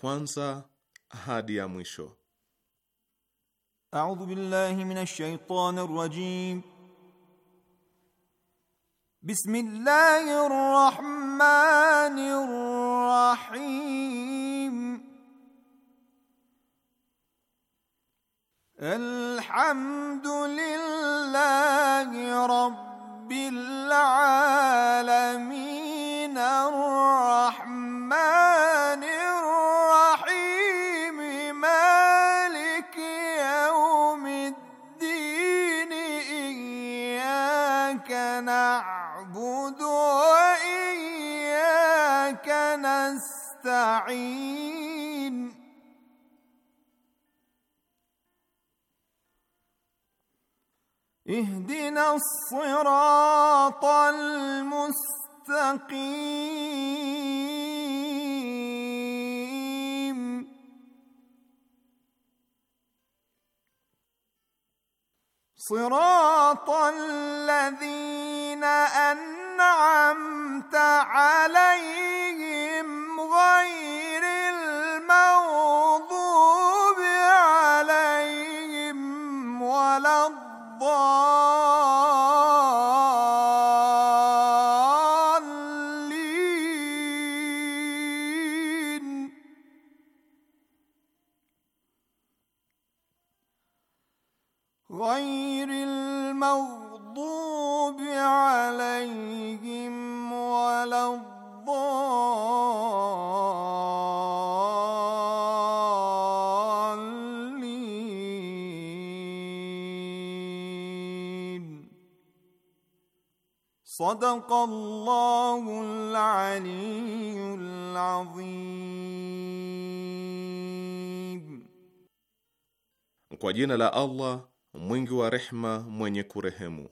kwanza hadi ya mwisho. A'udhu billahi minash shaitani rrajim. Bismillahir rahmanir اهدنا الصراط المستقيم صراط الذين انعمت عليهم Sadakallahu al azim. Kwa jina la Allah mwingi wa rehma mwenye kurehemu.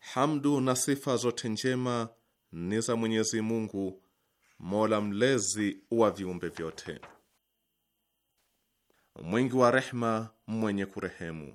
Hamdu na sifa zote njema ni za Mwenyezi Mungu mola mlezi wa viumbe vyote, mwingi wa rehma mwenye kurehemu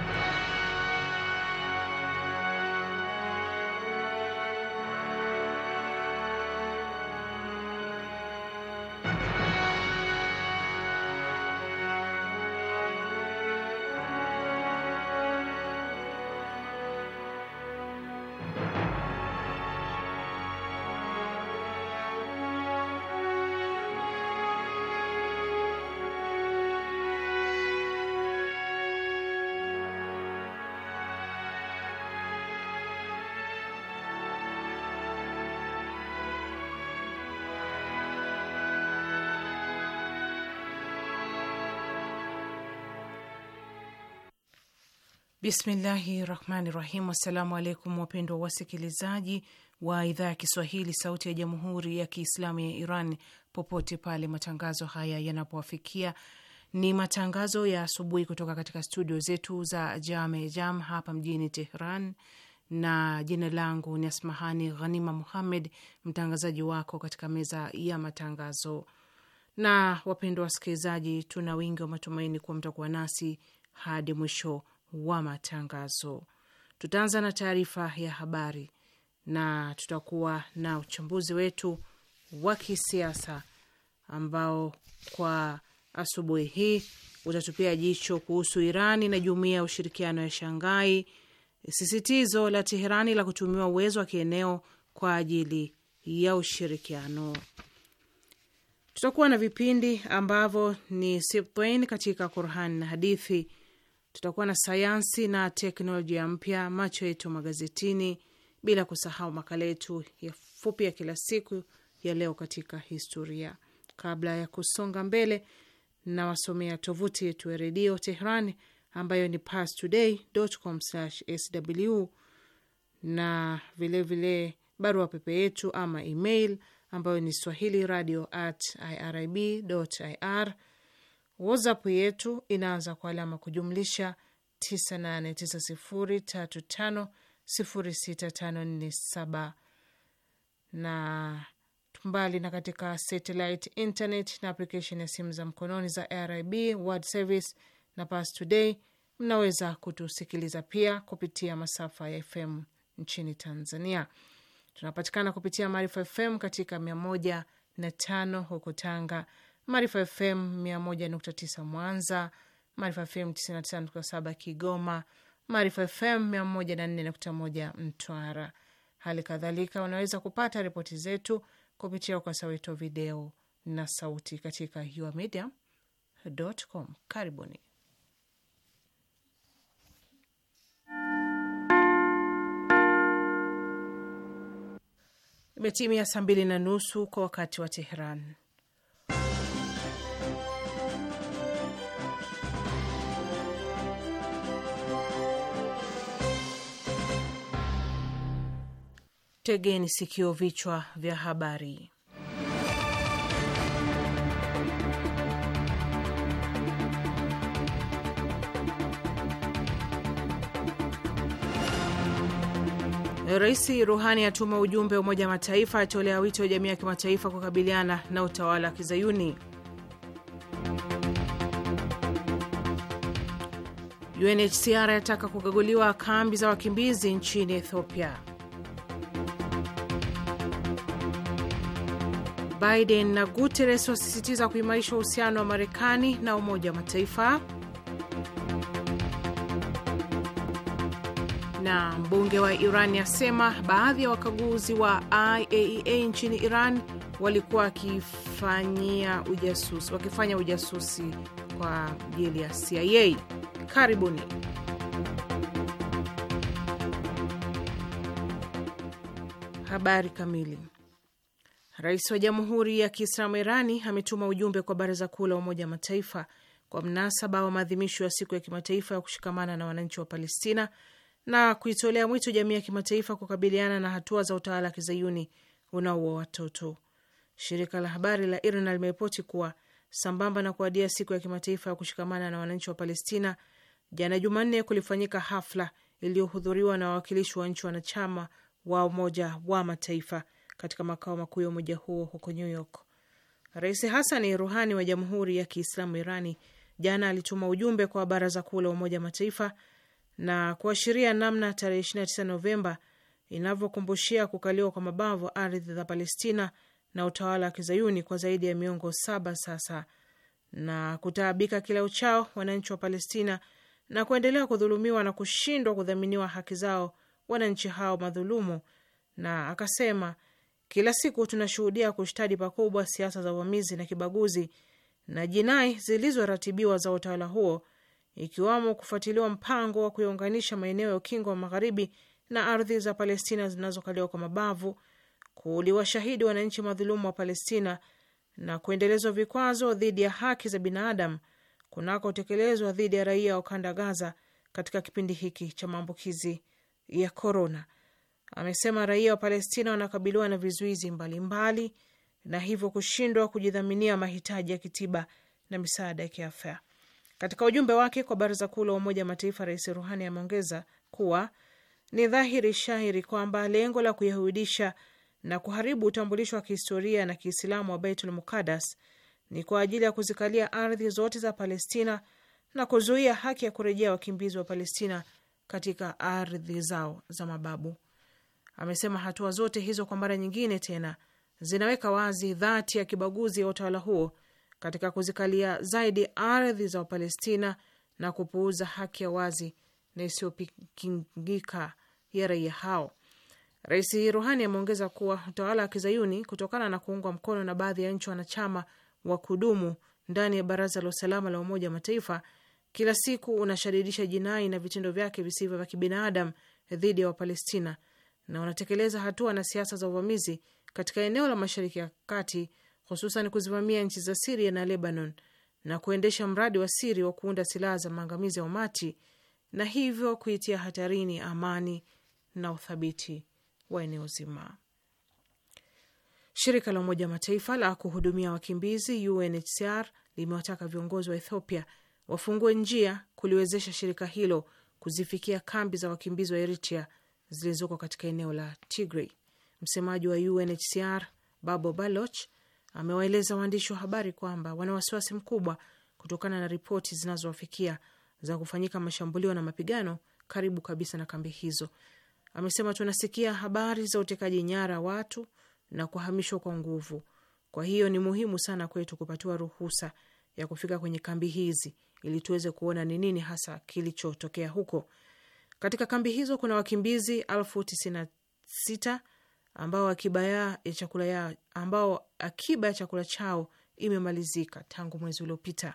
Bismillahi rahmani rahim. Assalamu alaikum wapendwa wasikilizaji wa idhaa ya Kiswahili sauti ya jamhuri ya Kiislamu ya Iran popote pale matangazo haya yanapowafikia. Ni matangazo ya asubuhi kutoka katika studio zetu za Jame Jam hapa mjini Tehran, na jina langu ni Asmahani Ghanima Muhammed, mtangazaji wako katika meza ya matangazo. Na wapendwa wasikilizaji, tuna wingi wa matumaini kuwa mtakuwa nasi hadi mwisho wa matangazo. Tutaanza na taarifa ya habari na tutakuwa na uchambuzi wetu wa kisiasa ambao kwa asubuhi hii utatupia jicho kuhusu Irani na jumuiya ya ushirikiano ya shangai sisitizo la Teherani la kutumiwa uwezo wa kieneo kwa ajili ya ushirikiano. Tutakuwa na vipindi ambavyo ni siptin katika Qurani na hadithi Tutakuwa na sayansi na teknolojia mpya, macho yetu magazetini, bila kusahau makala yetu ya fupi ya kila siku ya leo katika historia. Kabla ya kusonga mbele, nawasomea tovuti yetu ya redio Tehran ambayo ni pastoday.com/sw na vilevile barua pepe yetu ama email ambayo ni swahili radio at irib.ir WhatsApp yetu inaanza kwa alama kujumlisha 989035065487 na mbali na katika satellite internet na application ya simu za mkononi za RIB World Service na Pass Today, mnaweza kutusikiliza pia kupitia masafa ya FM nchini Tanzania. Tunapatikana kupitia Maarifa FM katika mia moja na tano huko Tanga Maarifa FM 101.9 Mwanza, Maarifa FM 99.7 Kigoma, Maarifa FM 104.1 Mtwara. Hali kadhalika unaweza kupata ripoti zetu kupitia ukurasa wetu wa video na sauti katika yourmedia.com. Karibuni. Imetimia saa mbili na nusu kwa wakati wa teheran Tegeni sikio, vichwa vya habari. Rais Ruhani atuma ujumbe wa Umoja Mataifa, atolea wito wa jamii ya kimataifa kukabiliana na utawala wa Kizayuni. UNHCR yataka kukaguliwa kambi za wakimbizi nchini Ethiopia. Biden na Guterres wasisitiza kuimarisha uhusiano wa Marekani na Umoja wa Mataifa. Na mbunge wa Iran asema baadhi ya wakaguzi wa IAEA e nchini Iran walikuwa wakifanyia ujasusi, wakifanya ujasusi kwa ajili ya CIA. Karibuni. Habari kamili. Rais wa Jamhuri ya Kiislamu Irani ametuma ujumbe kwa Baraza Kuu la Umoja wa Mataifa kwa mnasaba wa maadhimisho ya siku ya kimataifa ya kushikamana na wananchi wa Palestina na kuitolea mwito jamii ya kimataifa kukabiliana na hatua za utawala wa kizayuni unaoua watoto. Shirika la habari la IRNA limeripoti kuwa sambamba na kuadia siku ya kimataifa ya kushikamana na wananchi wa Palestina, jana Jumanne kulifanyika hafla iliyohudhuriwa na wawakilishi wa nchi wanachama wa Umoja wa Mataifa katika makao makuu ya umoja huo huko New York. Rais Hasani Ruhani wa Jamhuri ya Kiislamu Irani jana alituma ujumbe kwa Baraza Kuu la Umoja wa Mataifa na kuashiria namna tarehe 29 Novemba inavyokumbushia kukaliwa kwa mabavu ardhi za Palestina na utawala wa kizayuni kwa zaidi ya miongo saba sasa, na kutaabika kila uchao wananchi wa Palestina na kuendelea kudhulumiwa na kushindwa kudhaminiwa haki zao wananchi hao madhulumu, na akasema kila siku tunashuhudia kushtadi pakubwa siasa za uvamizi na kibaguzi na jinai zilizoratibiwa za utawala huo, ikiwamo kufuatiliwa mpango wa kuyaunganisha maeneo ya ukingo wa magharibi na ardhi za Palestina zinazokaliwa kwa mabavu, shahidi wananchi madhulumu wa Palestina na kuendelezwa vikwazo dhidi ya haki za binadamu kunakotekelezwa dhidi ya raia wa ukanda Gaza katika kipindi hiki cha maambukizi ya korona amesema raia wa Palestina wanakabiliwa na vizuizi mbalimbali mbali, na hivyo kushindwa kujidhaminia mahitaji ya kitiba na misaada ya kiafya. Katika ujumbe wake kwa Baraza Kuu la Umoja wa Mataifa, Rais Ruhani ameongeza kuwa ni dhahiri shahiri kwamba lengo la kuyahudisha na kuharibu utambulisho wa kihistoria na Kiislamu wa Baitul Mukadas ni kwa ajili ya kuzikalia ardhi zote za Palestina na kuzuia haki ya kurejea wakimbizi wa Palestina katika ardhi zao za mababu amesema hatua zote hizo kwa mara nyingine tena zinaweka wazi dhati ya kibaguzi ya utawala huo katika kuzikalia zaidi ardhi za Wapalestina na kupuuza haki ya wazi na isiyopingika ya raia hao. Rais Ruhani ameongeza kuwa utawala wa kizayuni kutokana na kuungwa mkono na baadhi ya nchi wanachama wa kudumu ndani ya Baraza la Usalama la Umoja wa Mataifa kila siku unashadidisha jinai na vitendo vyake visivyo vya kibinadamu dhidi ya Wapalestina na wanatekeleza hatua na siasa za uvamizi katika eneo la Mashariki ya Kati, hususan kuzivamia nchi za Siria na Lebanon na kuendesha mradi wa siri wa kuunda silaha za maangamizi ya umati na hivyo kuitia hatarini amani na uthabiti wa eneo zima. Shirika la Umoja wa Mataifa la kuhudumia wakimbizi UNHCR limewataka viongozi wa Ethiopia wafungue njia kuliwezesha shirika hilo kuzifikia kambi za wakimbizi wa Eritrea zilizoko katika eneo la Tigray. Msemaji wa UNHCR Babo Baloch amewaeleza waandishi wa habari kwamba wana wasiwasi mkubwa kutokana na ripoti zinazowafikia za kufanyika mashambulio na mapigano karibu kabisa na kambi hizo. Amesema, tunasikia habari za utekaji nyara watu na kuhamishwa kwa nguvu. Kwa hiyo ni muhimu sana kwetu kupatiwa ruhusa ya kufika kwenye kambi hizi ili tuweze kuona ni nini hasa kilichotokea huko. Katika kambi hizo kuna wakimbizi elfu tisini na sita ambao akiba ya chakula ya ambao akiba ya chakula chao imemalizika tangu mwezi uliopita.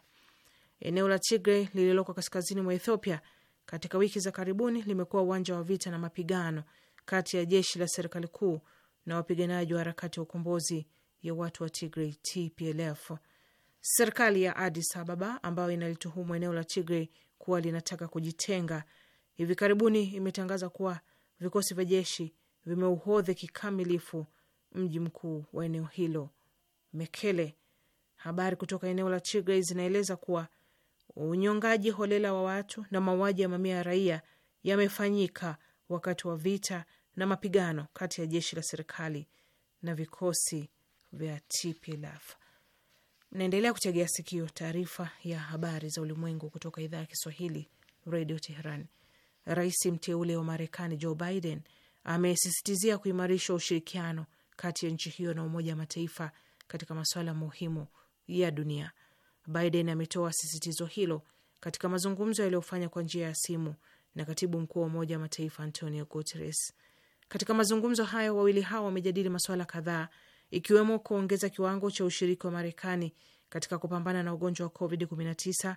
Eneo la Tigray lililoko kaskazini mwa Ethiopia katika wiki za karibuni limekuwa uwanja wa vita na mapigano kati ya jeshi la serikali kuu na wapiganaji wa harakati ya ukombozi ya watu wa Tigray TPLF. Serikali ya Addis Ababa ambayo inalituhumu eneo la Tigray kuwa linataka kujitenga hivi karibuni imetangaza kuwa vikosi vya jeshi vimeuhodhi kikamilifu mji mkuu wa eneo hilo Mekele. Habari kutoka eneo la Tigray zinaeleza kuwa unyongaji holela wa watu na mauaji ya mamia ya raia yamefanyika wakati wa vita na mapigano kati ya jeshi la serikali na vikosi vya TPLF. Naendelea kutegea sikio taarifa ya habari za ulimwengu kutoka idhaa ya Kiswahili, Radio Tehran rais mteule wa Marekani Joe Biden amesisitizia kuimarisha ushirikiano kati ya nchi hiyo na Umoja wa Mataifa katika masuala muhimu ya dunia. Biden ametoa sisitizo hilo katika mazungumzo yaliyofanya kwa njia ya simu na katibu mkuu wa Umoja wa Mataifa Antonio Guterres. Katika mazungumzo hayo, wawili hao wamejadili masuala kadhaa, ikiwemo kuongeza kiwango cha ushiriki wa Marekani katika kupambana na ugonjwa wa COVID-19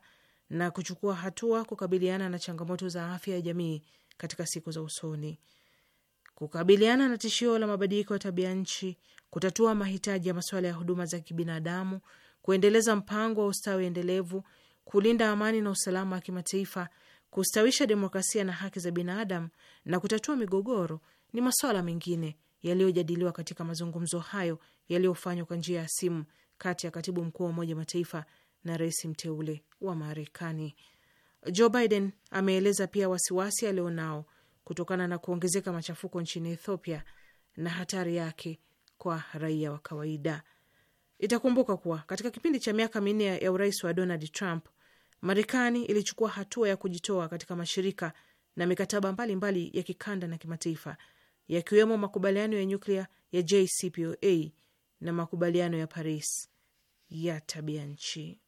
na kuchukua hatua kukabiliana na changamoto za afya ya jamii katika siku za usoni, kukabiliana na tishio la mabadiliko ya tabia nchi, kutatua mahitaji ya masuala ya huduma za kibinadamu, kuendeleza mpango wa ustawi endelevu, kulinda amani na usalama wa kimataifa, kustawisha demokrasia na haki za binadamu na kutatua migogoro ni masuala mengine yaliyojadiliwa katika mazungumzo hayo yaliyofanywa kwa njia ya simu kati ya katibu mkuu wa Umoja Mataifa na rais mteule wa Marekani. Joe Biden ameeleza pia wasiwasi alionao kutokana na kuongezeka machafuko nchini Ethiopia na hatari yake kwa raia wa kawaida. Itakumbuka kuwa katika kipindi cha miaka minne ya urais wa Donald Trump, Marekani ilichukua hatua ya kujitoa katika mashirika na mikataba mbalimbali mbali ya kikanda na kimataifa, yakiwemo makubaliano ya nyuklia ya JCPOA na makubaliano ya Paris ya tabia nchi.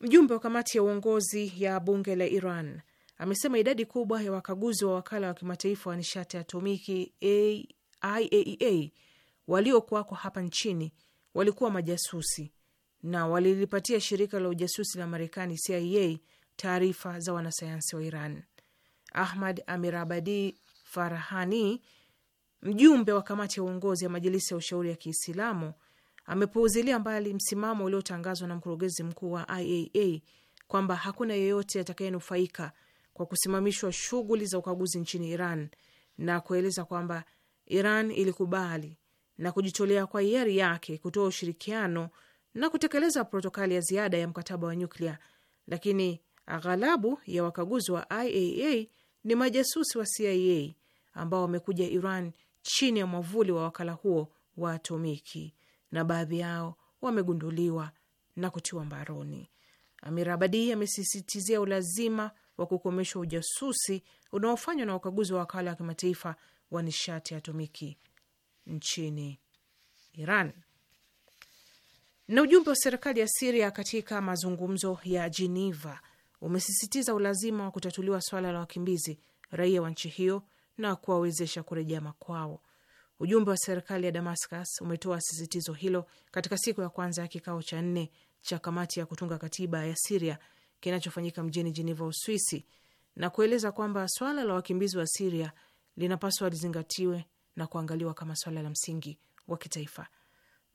Mjumbe wa kamati ya uongozi ya bunge la Iran amesema idadi kubwa ya wakaguzi wa wakala wa kimataifa wa nishati atomiki IAEA e waliokuwako hapa nchini walikuwa majasusi na walilipatia shirika la ujasusi la Marekani CIA taarifa za wanasayansi wa Iran. Ahmad Amirabadi Farahani, mjumbe wa kamati ya uongozi ya majilisi ya ushauri ya Kiislamu, amepuuzilia mbali msimamo uliotangazwa na mkurugenzi mkuu wa IAA kwamba hakuna yeyote atakayenufaika kwa kusimamishwa shughuli za ukaguzi nchini Iran na kueleza kwamba Iran ilikubali na kujitolea kwa hiari yake kutoa ushirikiano na kutekeleza protokali ya ziada ya mkataba wa nyuklia, lakini aghalabu ya wakaguzi wa IAA ni majasusi wa CIA ambao wamekuja Iran chini ya mwavuli wa wakala huo wa atomiki na baadhi yao wamegunduliwa na kutiwa mbaroni. Amir Abadi amesisitizia ulazima wa kukomeshwa ujasusi unaofanywa na ukaguzi wa wakala wa kimataifa wa nishati ya atomiki nchini Iran. Na ujumbe wa serikali ya Siria katika mazungumzo ya jeneva umesisitiza ulazima wa kutatuliwa swala la wakimbizi raia wa nchi hiyo na kuwawezesha kurejea makwao. Ujumbe wa serikali ya Damascus umetoa sisitizo hilo katika siku ya kwanza ya kikao cha nne cha kamati ya kutunga katiba ya Siria kinachofanyika mjini Jeneva, Uswisi, na kueleza kwamba swala la wakimbizi wa Siria linapaswa lizingatiwe na kuangaliwa kama swala la msingi wa kitaifa.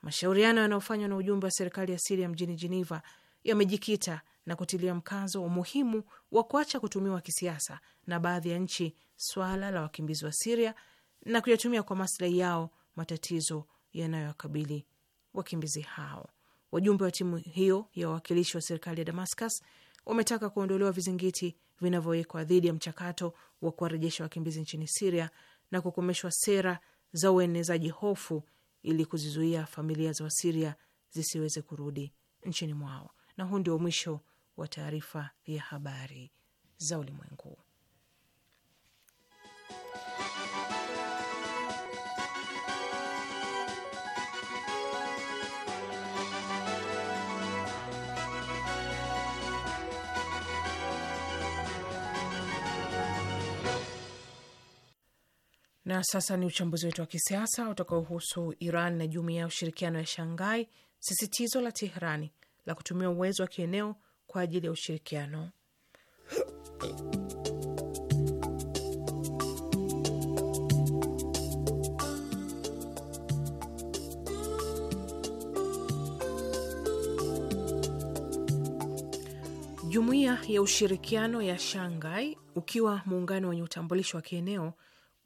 Mashauriano yanayofanywa na ujumbe wa serikali ya Siria mjini Jeneva yamejikita na kutilia mkazo umuhimu wa kuacha kutumiwa kisiasa na baadhi ya nchi swala la wakimbizi wa Siria na kuyatumia kwa maslahi yao matatizo yanayowakabili wakimbizi hao. Wajumbe wa timu hiyo ya wawakilishi wa serikali ya Damascus wametaka kuondolewa vizingiti vinavyowekwa dhidi ya mchakato wa kuwarejesha wakimbizi nchini Siria na kukomeshwa sera za uenezaji hofu ili kuzizuia familia za Wasiria zisiweze kurudi nchini mwao. Na huu ndio mwisho wa taarifa ya habari za ulimwengu. Na sasa ni uchambuzi wetu wa kisiasa utakaohusu Iran na jumuiya ya ushirikiano ya Shanghai, sisitizo la Teherani la kutumia uwezo wa kieneo kwa ajili ya ushirikiano. Jumuiya ya ushirikiano ya Shanghai, ukiwa muungano wenye utambulisho wa kieneo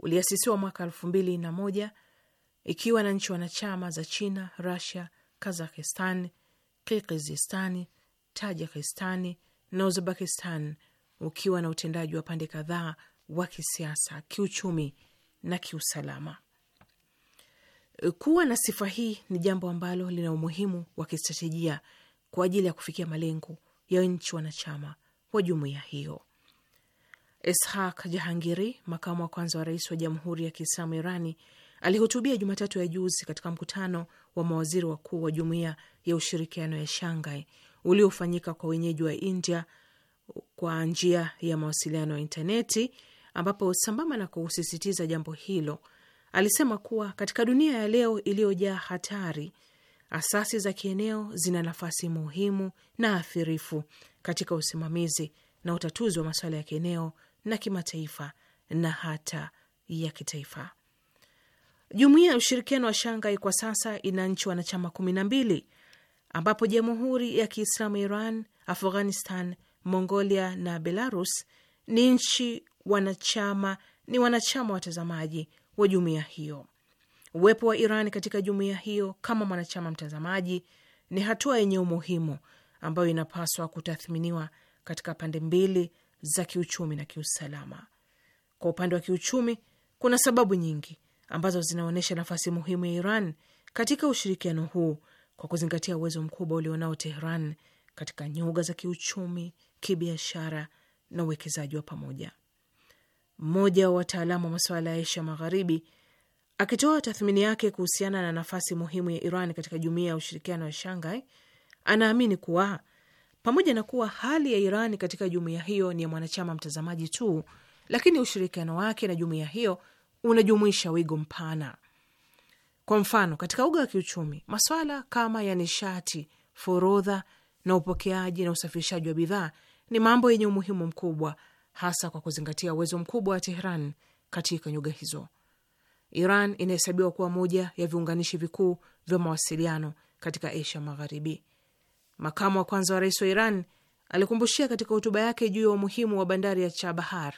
uliasisiwa mwaka elfu mbili na moja ikiwa na nchi wanachama za China, Rusia, Kazakistan, Kirgizistani, Tajikistani na Uzbekistan, ukiwa na utendaji wa pande kadhaa wa kisiasa, kiuchumi na kiusalama. Kuwa na sifa hii ni jambo ambalo lina umuhimu wa kistratejia kwa ajili ya kufikia malengo ya nchi wanachama wa jumuiya hiyo. Ishaq Jahangiri, makamu wa kwanza wa rais wa Jamhuri ya Kiislamu Irani, alihutubia Jumatatu ya juzi katika mkutano wa mawaziri wakuu wa Jumuiya ya Ushirikiano ya Shanghai uliofanyika kwa wenyeji wa India kwa njia ya mawasiliano ya intaneti, ambapo sambamba na kusisitiza jambo hilo, alisema kuwa katika dunia ya leo iliyojaa hatari, asasi za kieneo zina nafasi muhimu na athirifu katika usimamizi na utatuzi wa masuala ya kieneo na kimataifa na hata ya kitaifa. Jumuiya ya ushirikiano wa Shanghai kwa sasa ina nchi wanachama kumi na mbili ambapo Jamhuri ya Kiislamu Iran, Afghanistan, Mongolia na Belarus ni nchi wanachama ni wanachama watazamaji wa jumuiya hiyo. Uwepo wa Iran katika jumuiya hiyo kama mwanachama mtazamaji ni hatua yenye umuhimu ambayo inapaswa kutathminiwa katika pande mbili za kiuchumi na kiusalama. Kwa upande wa kiuchumi, kuna sababu nyingi ambazo zinaonyesha nafasi muhimu ya Iran katika ushirikiano huu kwa kuzingatia uwezo mkubwa ulionao Tehran katika nyuga za kiuchumi, kibiashara na uwekezaji wa pamoja. Mmoja wa wataalamu wa masuala ya Asia Magharibi akitoa tathmini yake kuhusiana na nafasi muhimu ya Iran katika jumuiya ya ushirikiano wa Shanghai anaamini kuwa pamoja na kuwa hali ya Iran katika jumuiya hiyo ni ya mwanachama mtazamaji tu, lakini ushirikiano wake na jumuiya hiyo unajumuisha wigo mpana. Kwa mfano, katika uga wa kiuchumi, maswala kama ya nishati, forodha na upokeaji na usafirishaji wa bidhaa ni mambo yenye umuhimu mkubwa, hasa kwa kuzingatia uwezo mkubwa wa Tehran katika nyuga hizo. Iran inahesabiwa kuwa moja ya viunganishi vikuu vya mawasiliano katika Asia Magharibi. Makamu wa kwanza wa rais wa Iran alikumbushia katika hotuba yake juu ya umuhimu wa bandari ya Chabahar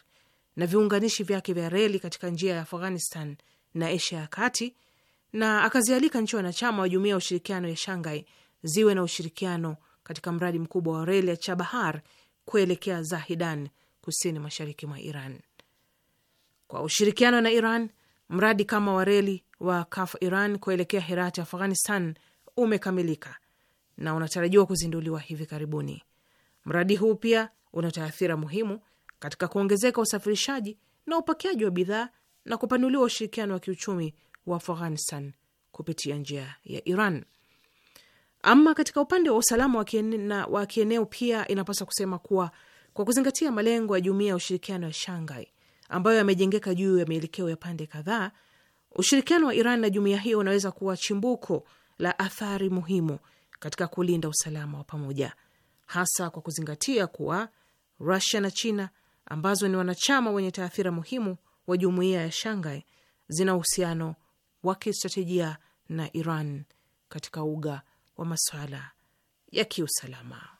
na viunganishi vyake vya reli katika njia ya Afghanistan na Asia ya Kati, na akazialika nchi wanachama wa Jumuiya ya Ushirikiano ya Shanghai ziwe na ushirikiano katika mradi mkubwa wa reli ya Chabahar kuelekea Zahidan, kusini mashariki mwa Iran. Kwa ushirikiano na Iran, mradi kama wa reli wa Kaf Iran kuelekea Herat Afghanistan umekamilika na unatarajiwa kuzinduliwa hivi karibuni. Mradi huu pia una taathira muhimu katika kuongezeka usafirishaji na upakiaji wa bidhaa na kupanuliwa ushirikiano wa kiuchumi wa Afghanistan kupitia njia ya Iran. Ama katika upande wa usalama wa kieneo pia inapaswa kusema kuwa kwa kuzingatia malengo ya jumuiya ya ushirikiano ya Shanghai ambayo yamejengeka juu ya mielekeo ya pande kadhaa, ushirikiano wa Iran na jumuiya hiyo unaweza kuwa chimbuko la athari muhimu katika kulinda usalama wa pamoja, hasa kwa kuzingatia kuwa Rusia na China ambazo ni wanachama wenye taathira muhimu wa jumuiya ya Shanghai zina uhusiano wa kistratejia na Iran katika uga wa masuala ya kiusalama.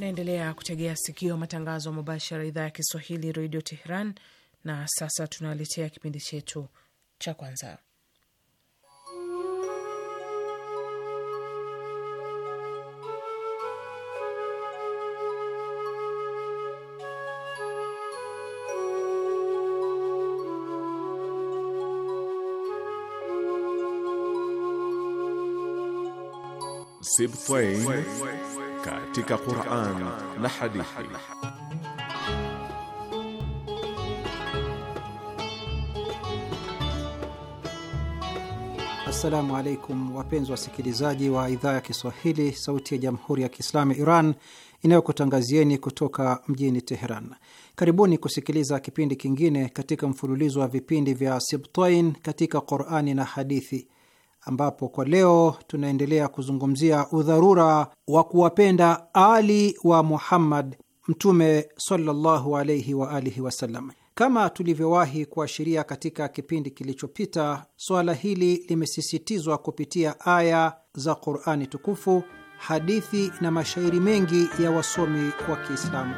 Naendelea kutegea sikio matangazo mubashara idhaa ya Kiswahili redio Tehran. Na sasa tunaletea kipindi chetu cha kwanza, Sibtain katika Qur'an na hadithi. Assalamu alaikum wapenzi wasikilizaji wa idhaa ya Kiswahili sauti ya Jamhuri ya Kiislamu Iran inayokutangazieni kutoka mjini Teheran. Karibuni kusikiliza kipindi kingine katika mfululizo wa vipindi vya Sibtain katika Qur'ani na hadithi ambapo kwa leo tunaendelea kuzungumzia udharura wa kuwapenda Ali wa Muhammad Mtume sallallahu alaihi wa alihi wasallam. Kama tulivyowahi kuashiria katika kipindi kilichopita, suala hili limesisitizwa kupitia aya za Qurani Tukufu, hadithi na mashairi mengi ya wasomi wa Kiislamu.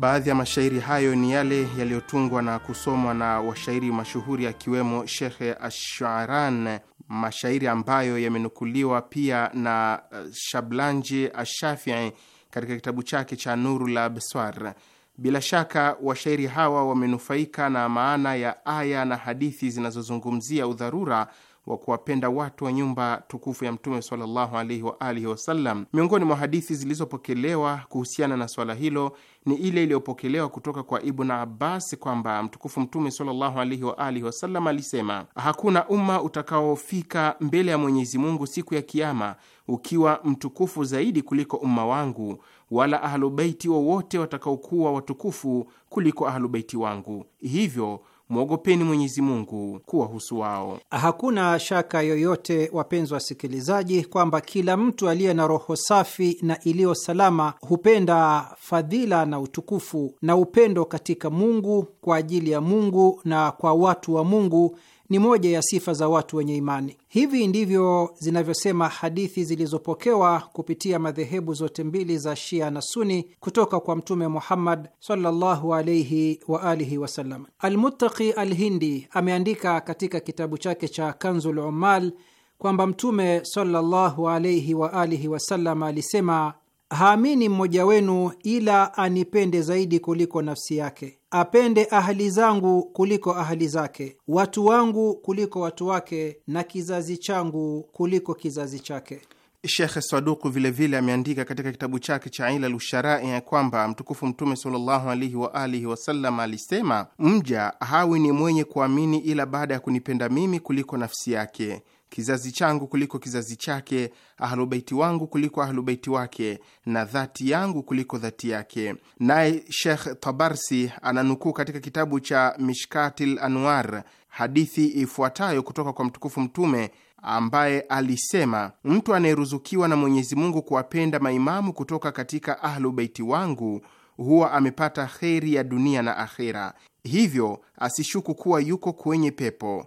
Baadhi ya mashairi hayo ni yale yaliyotungwa na kusomwa na washairi mashuhuri akiwemo Shekhe Asharan, mashairi ambayo yamenukuliwa pia na eh, Shablanji Ashafii katika kitabu chake cha Nurul Absar. Bila shaka washairi hawa wamenufaika na maana ya aya na hadithi zinazozungumzia udharura wa kuwapenda watu wa nyumba tukufu ya Mtume sallallahu alaihi wa alihi wasallam. Miongoni mwa hadithi zilizopokelewa kuhusiana na swala hilo ni ile iliyopokelewa kutoka kwa Ibn Abbas kwamba mtukufu Mtume sallallahu alaihi wa alihi wasallam alisema, hakuna umma utakaofika mbele ya Mwenyezi Mungu siku ya Kiama ukiwa mtukufu zaidi kuliko umma wangu, wala ahlubeiti wowote watakaokuwa watukufu kuliko ahlubeiti wangu. Hivyo mwogopeni Mwenyezi Mungu kuwahusu wao. Hakuna shaka yoyote, wapenzi wasikilizaji, kwamba kila mtu aliye na roho safi na iliyo salama hupenda fadhila na utukufu na upendo katika Mungu, kwa ajili ya Mungu na kwa watu wa Mungu ni moja ya sifa za watu wenye imani. Hivi ndivyo zinavyosema hadithi zilizopokewa kupitia madhehebu zote mbili za Shia na Suni kutoka kwa Mtume Muhammad sallallahu alaihi wa alihi wasallam. Almuttaqi Alhindi ameandika katika kitabu chake cha Kanzul Ummal kwamba Mtume sallallahu alaihi wa alihi wasallam alisema haamini mmoja wenu ila anipende zaidi kuliko nafsi yake, apende ahali zangu kuliko ahali zake, watu wangu kuliko watu wake, na kizazi changu kuliko kizazi chake. Shekhe Saduku vilevile ameandika katika kitabu chake cha Ila Lusharai ya kwamba mtukufu Mtume sallallahu wa alihi wasallam alisema, mja hawi ni mwenye kuamini ila baada ya kunipenda mimi kuliko nafsi yake kizazi changu kuliko kizazi chake, ahlubeiti wangu kuliko ahlubeiti wake, na dhati yangu kuliko dhati yake. Naye Shekh Tabarsi ananukuu katika kitabu cha Mishkatil Anwar hadithi ifuatayo kutoka kwa mtukufu Mtume ambaye alisema, mtu anayeruzukiwa na Mwenyezi Mungu kuwapenda maimamu kutoka katika ahlubeiti wangu huwa amepata kheri ya dunia na akhera, hivyo asishuku kuwa yuko kwenye pepo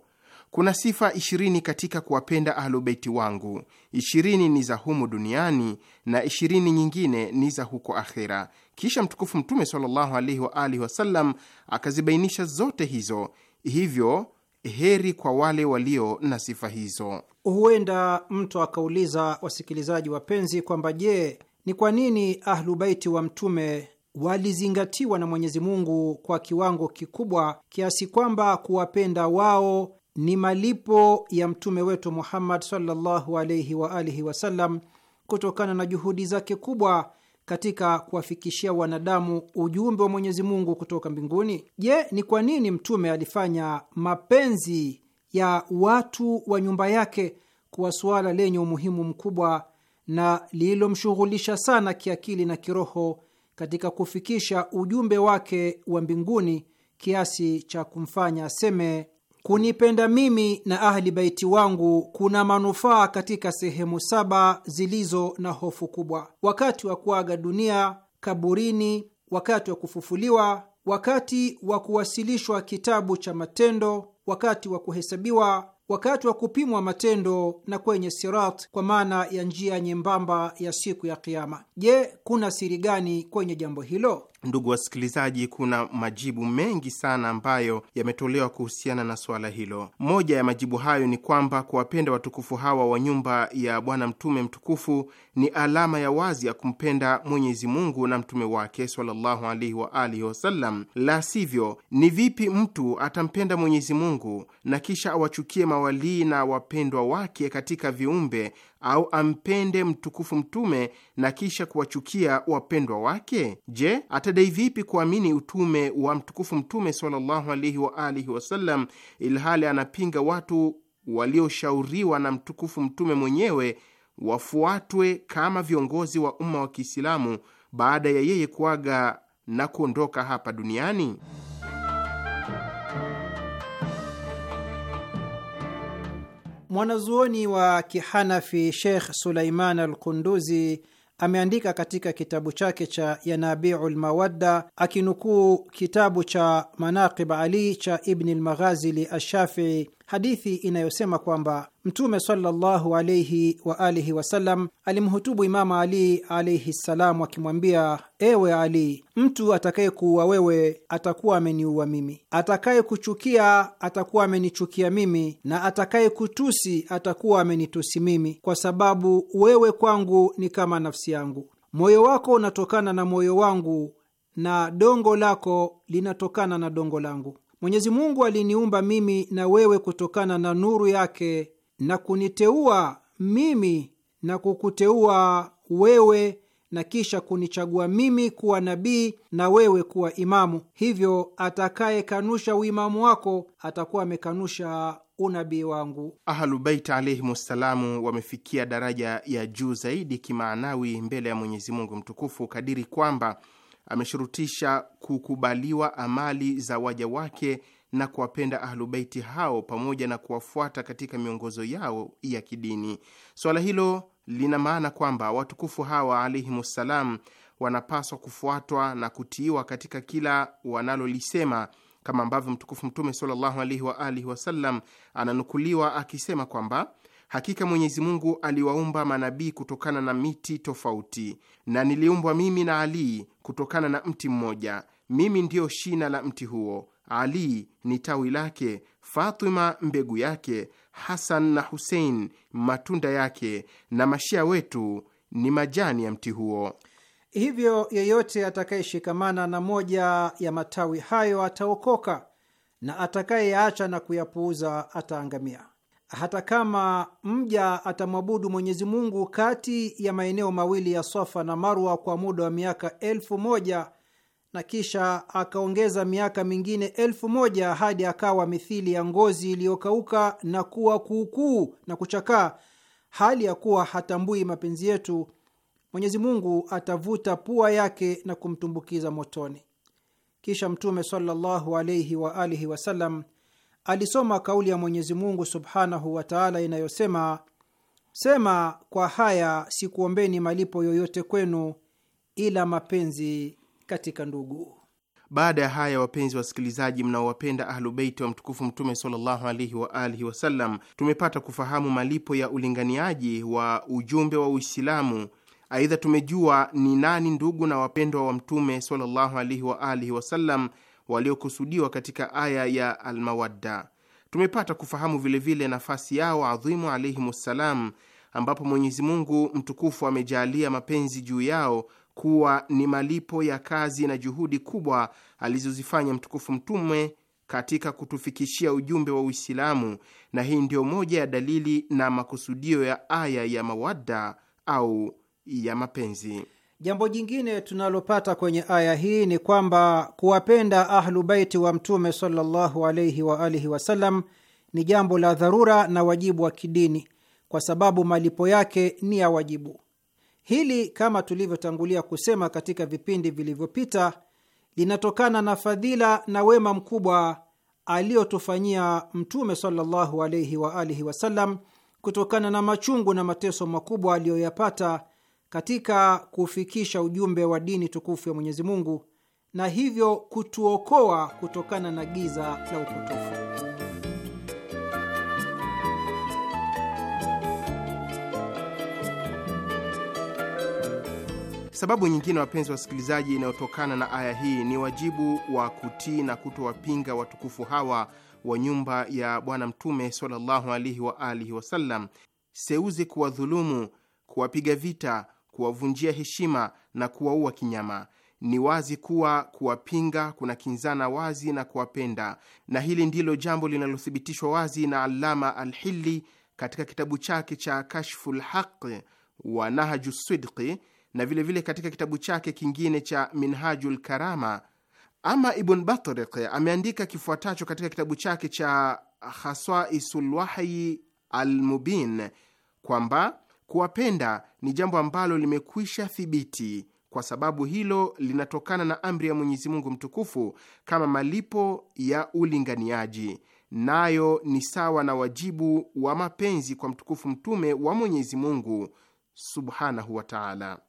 kuna sifa ishirini katika kuwapenda ahlubeiti wangu, ishirini ni za humu duniani na ishirini nyingine ni za huko akhera. Kisha mtukufu Mtume sallallahu alaihi wa alihi wasallam akazibainisha zote hizo, hivyo heri kwa wale walio na sifa hizo. Huenda mtu akauliza, wasikilizaji wapenzi, kwamba je, ni kwa nini ahlubeiti wa Mtume walizingatiwa na Mwenyezi Mungu kwa kiwango kikubwa kiasi kwamba kuwapenda wao ni malipo ya mtume wetu Muhammad sallallahu alaihi wa alihi wasallam kutokana na juhudi zake kubwa katika kuwafikishia wanadamu ujumbe wa Mwenyezi Mungu kutoka mbinguni. Je, ni kwa nini mtume alifanya mapenzi ya watu wa nyumba yake kuwa suala lenye umuhimu mkubwa na lililomshughulisha sana kiakili na kiroho katika kufikisha ujumbe wake wa mbinguni kiasi cha kumfanya aseme kunipenda mimi na ahli baiti wangu kuna manufaa katika sehemu saba zilizo na hofu kubwa: wakati wa kuaga dunia, kaburini, wakati wa kufufuliwa, wakati wa kuwasilishwa kitabu cha matendo, wakati wa kuhesabiwa, wakati wa kupimwa matendo na kwenye sirat, kwa maana ya njia nyembamba ya siku ya Kiama. Je, kuna siri gani kwenye jambo hilo? Ndugu wasikilizaji, kuna majibu mengi sana ambayo yametolewa kuhusiana na suala hilo. Moja ya majibu hayo ni kwamba kuwapenda watukufu hawa wa nyumba ya Bwana Mtume mtukufu ni alama ya wazi ya kumpenda Mwenyezi Mungu na mtume wake sallallahu alaihi wa alihi wasallam. La sivyo, ni vipi mtu atampenda Mwenyezi Mungu na kisha awachukie mawalii na wapendwa wake katika viumbe au ampende mtukufu mtume na kisha kuwachukia wapendwa wake? Je, atadai vipi kuamini utume wa mtukufu mtume sallallahu alaihi wa alihi wasallam, ilhali anapinga watu walioshauriwa na mtukufu mtume mwenyewe wafuatwe kama viongozi wa umma wa Kiislamu baada ya yeye kuaga na kuondoka hapa duniani? Mwanazuoni wa Kihanafi Sheikh Suleiman Al-Kunduzi ameandika katika kitabu chake cha yanabiu lmawadda akinukuu kitabu cha Manaqib Ali cha Ibni Lmaghazili Ashafii hadithi inayosema kwamba Mtume sallallahu alaihi wa alihi wasallam alimhutubu Imama Ali alaihi ssalam akimwambia, ewe Ali, mtu atakayekuua wewe atakuwa ameniua mimi, atakayekuchukia atakuwa amenichukia mimi, na atakayekutusi atakuwa amenitusi mimi, kwa sababu wewe kwangu ni kama nafsi yangu. Moyo wako unatokana na moyo wangu na dongo lako linatokana na dongo langu. Mwenyezi Mungu aliniumba mimi na wewe kutokana na nuru yake na kuniteua mimi na kukuteua wewe na kisha kunichagua mimi kuwa nabii na wewe kuwa imamu. Hivyo atakayekanusha uimamu wako atakuwa amekanusha unabii wangu. Ahlubeit alaihimussalamu wamefikia daraja ya juu zaidi kimaanawi mbele ya Mwenyezi Mungu mtukufu kadiri kwamba ameshurutisha kukubaliwa amali za waja wake na kuwapenda ahlubeiti hao pamoja na kuwafuata katika miongozo yao ya kidini. Suala hilo lina maana kwamba watukufu hawa alaihimussalam wanapaswa kufuatwa na kutiiwa katika kila wanalolisema, kama ambavyo mtukufu Mtume sallallahu alaihi wa alihi wasallam ananukuliwa akisema kwamba Hakika Mwenyezi Mungu aliwaumba manabii kutokana na miti tofauti, na niliumbwa mimi na Ali kutokana na mti mmoja. Mimi ndiyo shina la mti huo, Ali ni tawi lake, Fatima mbegu yake, Hasan na Husein matunda yake, na mashia wetu ni majani ya mti huo. Hivyo yeyote atakayeshikamana na moja ya matawi hayo ataokoka, na atakayeyaacha na kuyapuuza ataangamia hata kama mja atamwabudu Mwenyezi Mungu kati ya maeneo mawili ya Safa na Marwa kwa muda wa miaka elfu moja na kisha akaongeza miaka mingine elfu moja hadi akawa mithili ya ngozi iliyokauka na kuwa kuukuu na kuchakaa, hali ya kuwa hatambui mapenzi yetu, Mwenyezi Mungu atavuta pua yake na kumtumbukiza motoni. Kisha Mtume sallallahu alaihi waalihi wasalam alisoma kauli ya Mwenyezi Mungu subhanahu wa taala inayosema, sema kwa haya sikuombeni malipo yoyote kwenu ila mapenzi katika ndugu. Baada ya haya, wapenzi wasikilizaji, mnaowapenda Ahlubeiti wa mtukufu Mtume sallallahu wa alihi wasallam, tumepata kufahamu malipo ya ulinganiaji wa ujumbe wa Uislamu. Aidha, tumejua ni nani ndugu na wapendwa wa Mtume sallallahu wa alihi wasallam waliokusudiwa katika aya ya Almawadda. Tumepata kufahamu vilevile vile nafasi yao adhimu alaihimussalam, ambapo Mwenyezi Mungu mtukufu amejaalia mapenzi juu yao kuwa ni malipo ya kazi na juhudi kubwa alizozifanya mtukufu Mtume katika kutufikishia ujumbe wa Uislamu, na hii ndiyo moja ya dalili na makusudio ya aya ya mawadda au ya mapenzi. Jambo jingine tunalopata kwenye aya hii ni kwamba kuwapenda Ahlu Baiti wa Mtume sallallahu alaihi wa alihi wasallam ni jambo la dharura na wajibu wa kidini, kwa sababu malipo yake ni ya wajibu. Hili kama tulivyotangulia kusema katika vipindi vilivyopita, linatokana na fadhila na wema mkubwa aliyotufanyia Mtume sallallahu alaihi wa alihi wasallam kutokana na machungu na mateso makubwa aliyoyapata katika kufikisha ujumbe wa dini tukufu ya Mwenyezi Mungu na hivyo kutuokoa kutokana na giza la upotofu. Sababu nyingine, wapenzi wasikilizaji, inayotokana na aya hii ni wajibu wa kutii na kutowapinga watukufu hawa wa nyumba ya Bwana Mtume sallallahu alaihi wa alihi wasallam, seuzi kuwadhulumu, kuwapiga vita kuwavunjia heshima na kuwaua kinyama. Ni wazi kuwa kuwapinga kuna kinzana wazi na kuwapenda, na hili ndilo jambo linalothibitishwa wazi na Allama Alhilli katika kitabu chake cha Kashful Haqi wa Nahaju Sidqi na vilevile vile katika kitabu chake kingine cha Minhaju Lkarama. Ama Ibn Batriq ameandika kifuatacho katika kitabu chake cha Khasaisul Lwahyi Almubin kwamba Kuwapenda ni jambo ambalo limekwisha thibiti, kwa sababu hilo linatokana na amri ya Mwenyezi Mungu mtukufu kama malipo ya ulinganiaji, nayo ni sawa na wajibu wa mapenzi kwa mtukufu mtume wa Mwenyezi Mungu subhanahu wa taala.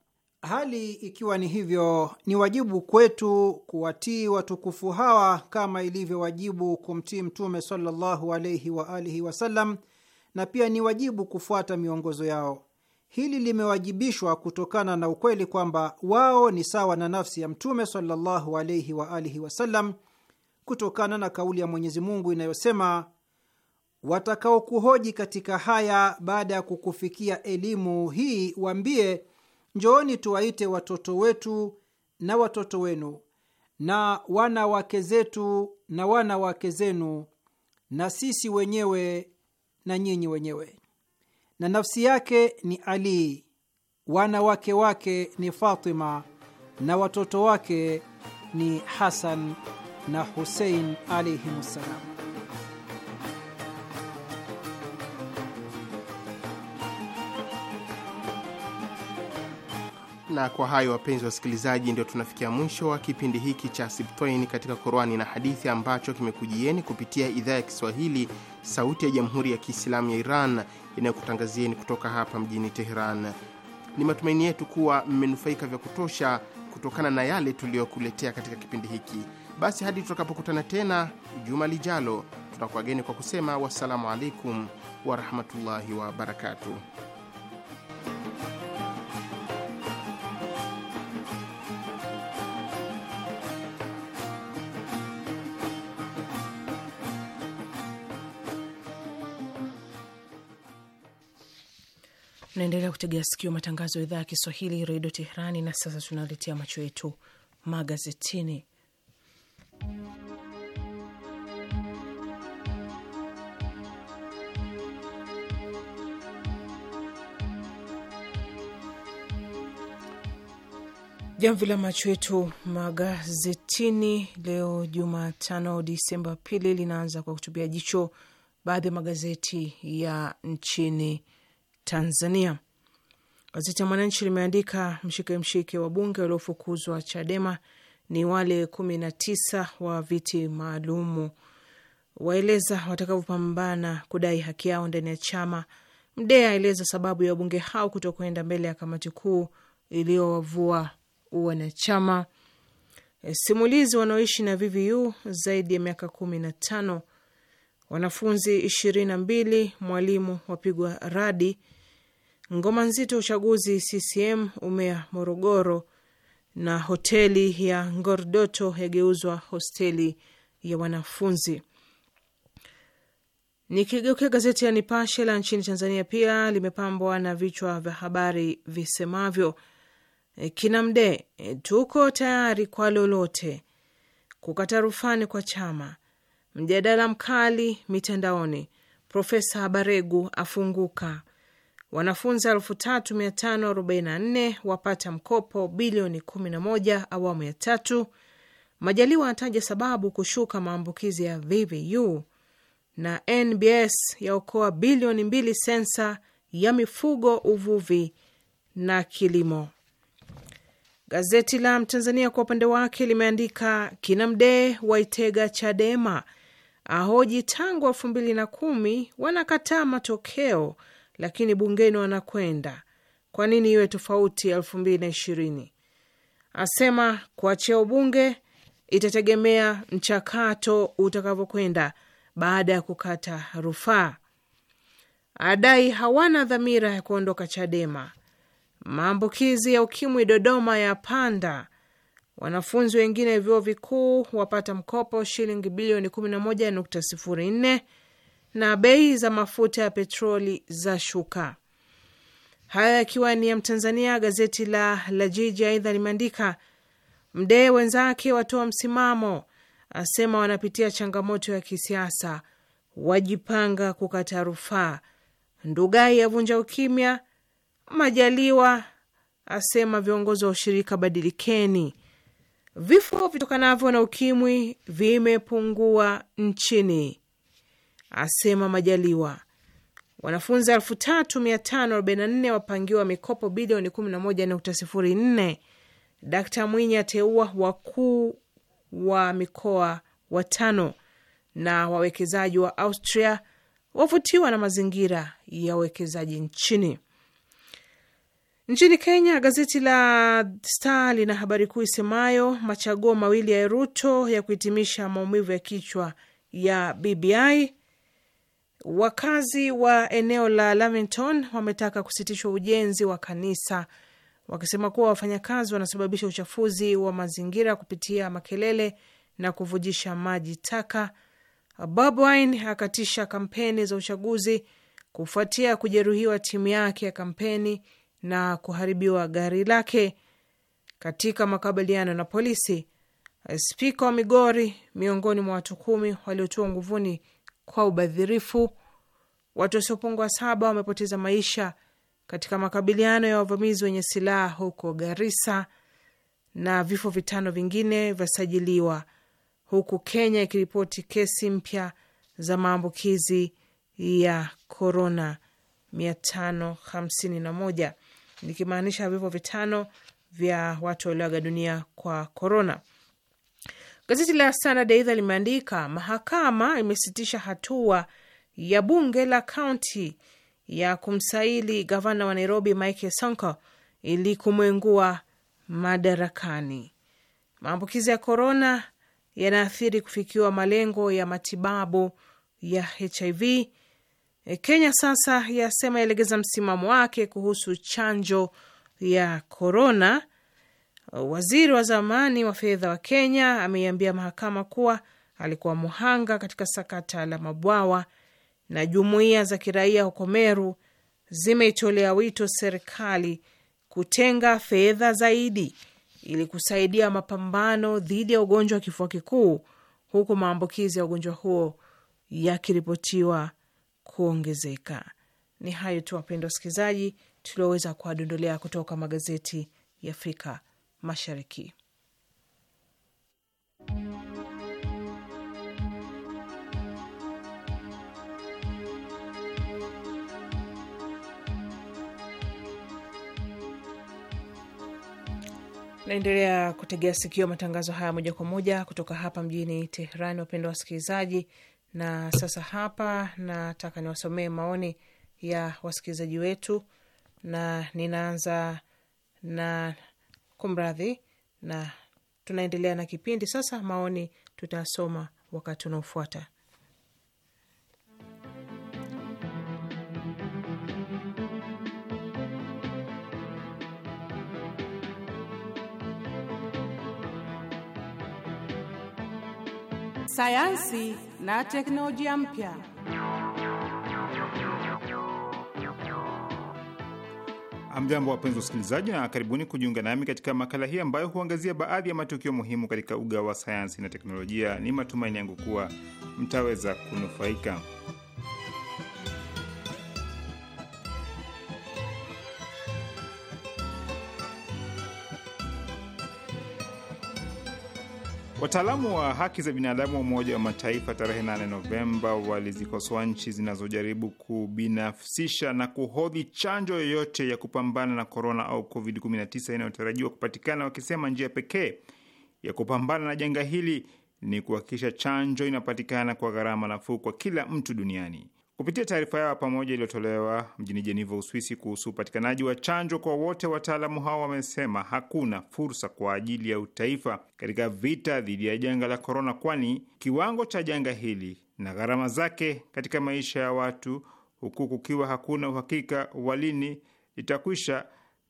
Hali ikiwa ni hivyo, ni wajibu kwetu kuwatii watukufu hawa kama ilivyo wajibu kumtii Mtume sallallahu alaihi waalihi wasallam, na pia ni wajibu kufuata miongozo yao. Hili limewajibishwa kutokana na ukweli kwamba wao ni sawa na nafsi ya Mtume sallallahu alaihi wa alihi wasallam, kutokana na kauli ya Mwenyezi Mungu inayosema, watakaokuhoji katika haya baada ya kukufikia elimu hii, waambie njooni tuwaite watoto wetu na watoto wenu na wana wake zetu na wana wake zenu na sisi wenyewe na nyinyi wenyewe na nafsi yake ni Ali, wana wake wake ni Fatima na watoto wake ni Hasan na Husein alaihimussalam. Na kwa hayo wapenzi wasikilizaji, ndio tunafikia mwisho wa kipindi hiki cha Sibtain katika Qurani na Hadithi ambacho kimekujieni kupitia idhaa ya Kiswahili, Sauti ya Jamhuri ya Kiislamu ya Iran inayokutangazieni kutoka hapa mjini Teheran. Ni matumaini yetu kuwa mmenufaika vya kutosha kutokana na yale tuliyokuletea katika kipindi hiki. Basi hadi tutakapokutana tena juma lijalo, tutakuwageni kwa kusema wassalamu alaikum warahmatullahi wabarakatuh. Unaendelea kutegea sikio matangazo ya idhaa ya Kiswahili redio Teherani. Na sasa tunaletea macho yetu magazetini. Jamvi la macho yetu magazetini leo Jumatano Disemba pili linaanza kwa kutupia jicho baadhi ya magazeti ya nchini Tanzania. Gazeti ya Mwananchi limeandika mshike mshike, wabunge waliofukuzwa Chadema ni wale kumi na tisa wa viti maalumu, waeleza watakavyopambana kudai haki yao ndani ya chama. Mdee aeleza sababu ya wabunge hao kutokwenda mbele ya kamati kuu iliyowavua wanachama. Simulizi wanaoishi na VVU zaidi ya miaka kumi na tano, wanafunzi ishirini na mbili, mwalimu wapigwa radi Ngoma nzito ya uchaguzi CCM umea Morogoro, na hoteli ya Ngordoto yageuzwa hosteli ya wanafunzi. Nikigeukia gazeti ya Nipashe la nchini Tanzania, pia limepambwa na vichwa vya habari visemavyo: e, Kinamde, e, tuko tayari kwa lolote, kukata rufani kwa chama, mjadala mkali mitandaoni, Profesa Baregu afunguka, wanafunzi 3544 wapata mkopo bilioni 11 awamu ya tatu. Majaliwa ataja sababu kushuka maambukizi ya VVU na NBS yaokoa bilioni mbili sensa ya mifugo, uvuvi na kilimo. Gazeti la Mtanzania kwa upande wake limeandika kina mdee waitega Chadema ahoji tangu elfu mbili na kumi wanakataa matokeo lakini bungeni wanakwenda. Kwa nini iwe tofauti elfu mbili na ishirini? Asema kuachia ubunge itategemea mchakato utakavyokwenda baada ya kukata rufaa. Adai hawana dhamira ya kuondoka Chadema. Maambukizi ya ukimwi Dodoma ya panda Wanafunzi wengine vyuo vikuu wapata mkopo shilingi bilioni kumi na moja nukta sifuri nne na bei za mafuta ya petroli za shuka. Hayo yakiwa ni ya Mtanzania. Gazeti la la Jiji aidha limeandika Mdee wenzake watoa msimamo, asema wanapitia changamoto ya kisiasa, wajipanga kukata rufaa. Ndugai yavunja ukimya. Majaliwa asema viongozi wa ushirika badilikeni. Vifo vitokanavyo na ukimwi vimepungua nchini asema Majaliwa. Wanafunzi 3544 wapangiwa mikopo bilioni nne. Dkt Mwinyi ateua wakuu wa mikoa watano, na wawekezaji wa Austria wavutiwa na mazingira ya uwekezaji nchini. Nchini Kenya, gazeti la Star lina habari kuu isemayo machaguo mawili ya Ruto ya kuhitimisha maumivu ya kichwa ya BBI. Wakazi wa eneo la Lamington wametaka kusitishwa ujenzi wa kanisa wakisema kuwa wafanyakazi wanasababisha uchafuzi wa mazingira kupitia makelele na kuvujisha maji taka. Bob Wine akatisha kampeni za uchaguzi kufuatia kujeruhiwa timu yake ya kampeni na kuharibiwa gari lake katika makabiliano na polisi. Spika wa Migori miongoni mwa watu kumi waliotiwa nguvuni kwa ubadhirifu. Watu wasiopungua saba wamepoteza maisha katika makabiliano ya wavamizi wenye silaha huko Garissa na vifo vitano vingine vyasajiliwa, huku Kenya ikiripoti kesi mpya za maambukizi ya korona 551 nikimaanisha vifo vitano vya watu walioaga dunia kwa korona. Gazeti la Standard aidha limeandika mahakama imesitisha hatua ya bunge la kaunti ya kumsaili gavana wa Nairobi Mike Sonko ili kumwengua madarakani. Maambukizi ya korona yanaathiri kufikiwa malengo ya matibabu ya HIV. E, Kenya sasa yasema yalegeza msimamo wake kuhusu chanjo ya korona. Waziri wa zamani wa fedha wa Kenya ameiambia mahakama kuwa alikuwa muhanga katika sakata la mabwawa, na jumuiya za kiraia huko Meru zimeitolea wito serikali kutenga fedha zaidi ili kusaidia mapambano dhidi ya ugonjwa wa kifua kikuu, huku maambukizi ya ugonjwa huo yakiripotiwa kuongezeka. Ni hayo tu wapendwa wasikilizaji, tulioweza kuwadondolea kutoka magazeti ya Afrika Mashariki. Naendelea kutegea sikio matangazo haya moja kwa moja kutoka hapa mjini Teherani, wapendwa wasikilizaji. Na sasa hapa nataka niwasomee maoni ya wasikilizaji wetu, na ninaanza na Kumradhi, na tunaendelea na kipindi sasa. Maoni tutasoma wakati unaofuata. Sayansi na teknolojia mpya. Amjambo, wapenzi usikilizaji, na karibuni kujiunga nami katika makala hii ambayo huangazia baadhi ya matukio muhimu katika uga wa sayansi na teknolojia. Ni matumaini yangu kuwa mtaweza kunufaika. Wataalamu wa haki za binadamu wa Umoja wa Mataifa tarehe 8 Novemba walizikosoa nchi zinazojaribu kubinafsisha na kuhodhi chanjo yoyote ya kupambana na korona au covid-19 inayotarajiwa kupatikana, wakisema njia pekee ya kupambana na janga hili ni kuhakikisha chanjo inapatikana kwa gharama nafuu kwa kila mtu duniani. Kupitia taarifa yao pamoja iliyotolewa mjini Jeniva, Uswisi, kuhusu upatikanaji wa chanjo kwa wote, wataalamu hao wamesema hakuna fursa kwa ajili ya utaifa katika vita dhidi ya janga la korona, kwani kiwango cha janga hili na gharama zake katika maisha ya watu, huku kukiwa hakuna uhakika wa lini litakwisha,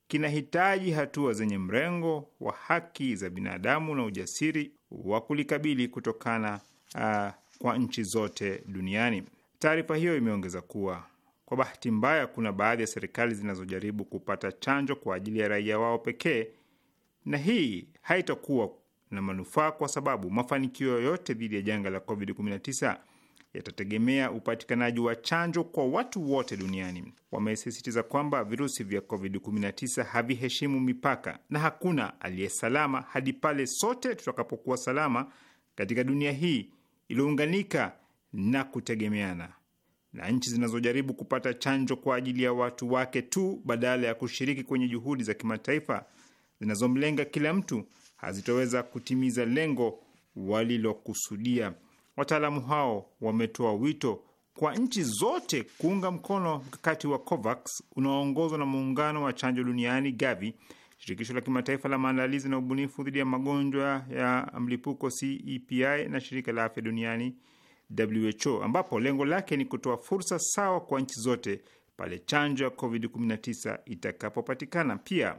kinahitaji hatua zenye mrengo wa haki za binadamu na ujasiri wa kulikabili kutokana uh, kwa nchi zote duniani. Taarifa hiyo imeongeza kuwa kwa bahati mbaya, kuna baadhi ya serikali zinazojaribu kupata chanjo kwa ajili ya raia wao pekee, na hii haitakuwa na manufaa kwa sababu mafanikio yoyote dhidi ya janga la COVID-19 yatategemea upatikanaji wa chanjo kwa watu wote duniani. Wamesisitiza kwamba virusi vya COVID-19 haviheshimu mipaka na hakuna aliyesalama hadi pale sote tutakapokuwa salama katika dunia hii iliyounganika na kutegemeana, na nchi zinazojaribu kupata chanjo kwa ajili ya watu wake tu badala ya kushiriki kwenye juhudi za kimataifa zinazomlenga kila mtu hazitoweza kutimiza lengo walilokusudia. Wataalamu hao wametoa wito kwa nchi zote kuunga mkono mkakati wa COVAX unaoongozwa na muungano wa chanjo duniani GAVI, shirikisho la kimataifa la maandalizi na ubunifu dhidi ya magonjwa ya mlipuko CEPI na shirika la afya duniani WHO ambapo lengo lake ni kutoa fursa sawa kwa nchi zote pale chanjo ya COVID-19 itakapopatikana. Pia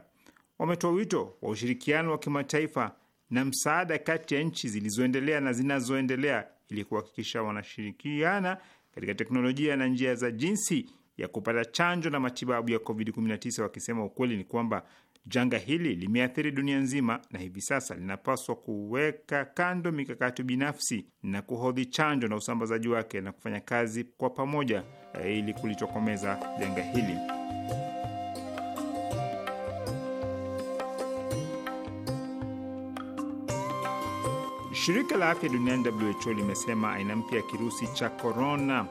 wametoa wito wa ushirikiano wa kimataifa na msaada kati ya nchi zilizoendelea na zinazoendelea ili kuhakikisha wanashirikiana katika teknolojia na njia za jinsi ya kupata chanjo na matibabu ya COVID-19, wakisema ukweli ni kwamba Janga hili limeathiri dunia nzima na hivi sasa linapaswa kuweka kando mikakati binafsi na kuhodhi chanjo na usambazaji wake na kufanya kazi kwa pamoja eh, ili kulitokomeza janga hili. Shirika la Afya Duniani, WHO, limesema aina mpya ya kirusi cha korona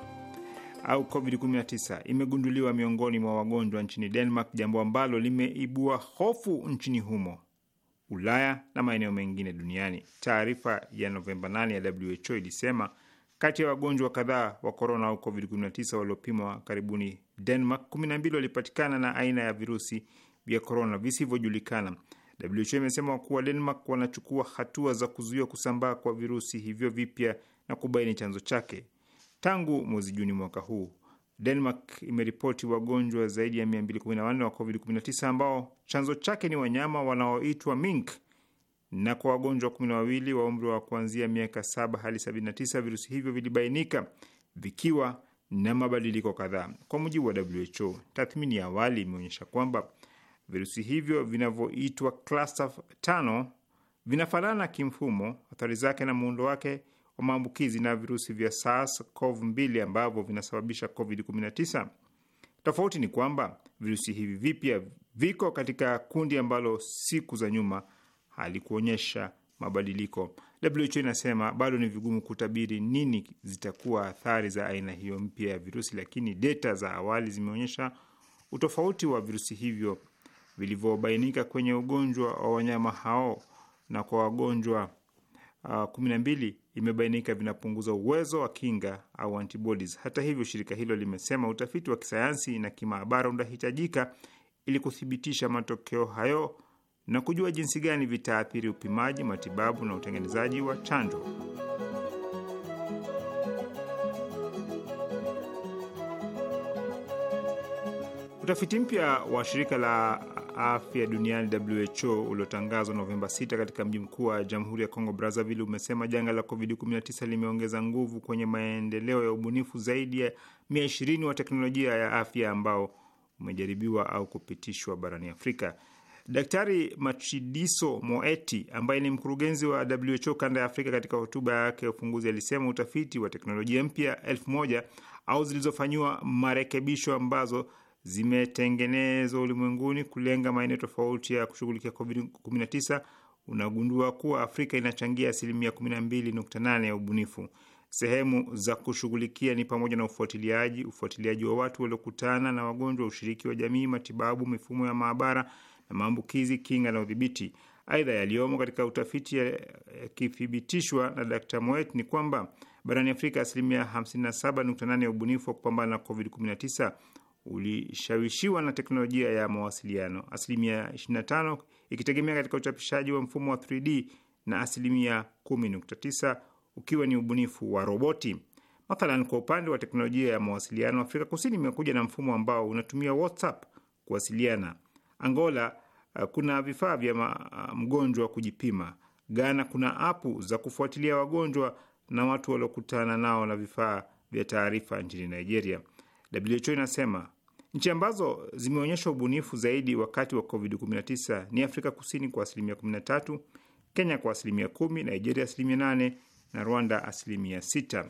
au COVID-19 imegunduliwa miongoni mwa wagonjwa nchini Denmark, jambo ambalo limeibua hofu nchini humo, Ulaya na maeneo mengine duniani. Taarifa ya Novemba 8 ya WHO ilisema kati ya wagonjwa kadhaa wa korona au COVID-19 waliopimwa karibuni Denmark, 12 walipatikana na aina ya virusi vya korona visivyojulikana. WHO imesema kuwa Denmark wanachukua hatua za kuzuia kusambaa kwa virusi hivyo vipya na kubaini chanzo chake. Tangu mwezi Juni mwaka huu, Denmark imeripoti wagonjwa zaidi ya 214 wa COVID-19 ambao chanzo chake ni wanyama wanaoitwa mink, na kwa wagonjwa 12 wa umri wa kuanzia miaka 7 hadi 79 virusi hivyo vilibainika vikiwa na mabadiliko kadhaa. Kwa mujibu wa WHO, tathmini ya awali imeonyesha kwamba virusi hivyo vinavyoitwa cluster 5 vinafanana kimfumo, athari zake na muundo wake wa maambukizi na virusi vya SARS-CoV-2 ambavyo vinasababisha COVID-19. Tofauti ni kwamba virusi hivi vipya viko katika kundi ambalo siku za nyuma halikuonyesha mabadiliko. WHO inasema bado ni vigumu kutabiri nini zitakuwa athari za aina hiyo mpya ya virusi, lakini data za awali zimeonyesha utofauti wa virusi hivyo vilivyobainika kwenye ugonjwa wa wanyama hao na kwa wagonjwa uh, kumi na mbili imebainika vinapunguza uwezo wa kinga au antibodies. Hata hivyo, shirika hilo limesema utafiti wa kisayansi na kimaabara unahitajika ili kuthibitisha matokeo hayo na kujua jinsi gani vitaathiri upimaji, matibabu na utengenezaji wa chanjo. Utafiti mpya wa shirika la afya duniani WHO uliotangazwa Novemba 6 katika mji mkuu wa jamhuri ya Kongo Brazzaville umesema janga la COVID-19 limeongeza nguvu kwenye maendeleo ya ubunifu zaidi ya ishirini wa teknolojia ya afya ambao umejaribiwa au kupitishwa barani Afrika. Daktari Matshidiso Moeti ambaye ni mkurugenzi wa WHO kanda ya Afrika, katika hotuba yake ya ufunguzi alisema utafiti wa teknolojia mpya elfu moja au zilizofanyiwa marekebisho ambazo zimetengenezwa ulimwenguni kulenga maeneo tofauti ya kushughulikia COVID-19, unagundua kuwa Afrika inachangia asilimia 12.8 ya ubunifu. Sehemu za kushughulikia ni pamoja na ufuatiliaji, ufuatiliaji wa watu waliokutana na wagonjwa, ushiriki wa jamii, matibabu, mifumo ya maabara na maambukizi, kinga na udhibiti. Aidha, yaliyomo katika utafiti yakithibitishwa na Dr Moet ni kwamba barani Afrika asilimia 57.8 ya ubunifu wa kupambana na COVID-19 ulishawishiwa na teknolojia ya mawasiliano, asilimia 25 ikitegemea katika uchapishaji wa mfumo wa 3D na asilimia 10.9 ukiwa ni ubunifu wa roboti. Mathalan, kwa upande wa teknolojia ya mawasiliano, Afrika Kusini imekuja na mfumo ambao unatumia WhatsApp kuwasiliana. Angola eh, kuna vifaa vya eh, mgonjwa kujipima. Ghana kuna apu za kufuatilia wagonjwa na watu waliokutana nao na vifaa vya taarifa nchini Nigeria. WHO inasema Nchi ambazo zimeonyesha ubunifu zaidi wakati wa COVID-19 ni Afrika Kusini kwa asilimia 13, Kenya kwa asilimia 10, Nigeria asilimia 8 na Rwanda asilimia 6.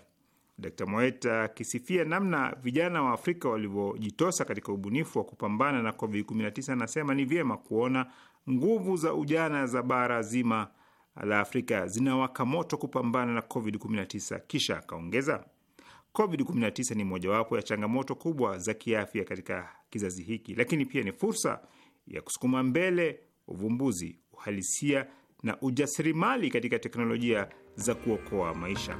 Dkt Moeta akisifia namna vijana wa Afrika walivyojitosa katika ubunifu wa kupambana na COVID-19 anasema ni vyema kuona nguvu za ujana za bara zima la Afrika zinawaka moto kupambana na COVID-19. Kisha akaongeza COVID-19 ni mojawapo ya changamoto kubwa za kiafya katika kizazi hiki, lakini pia ni fursa ya kusukuma mbele uvumbuzi, uhalisia na ujasirimali katika teknolojia za kuokoa maisha.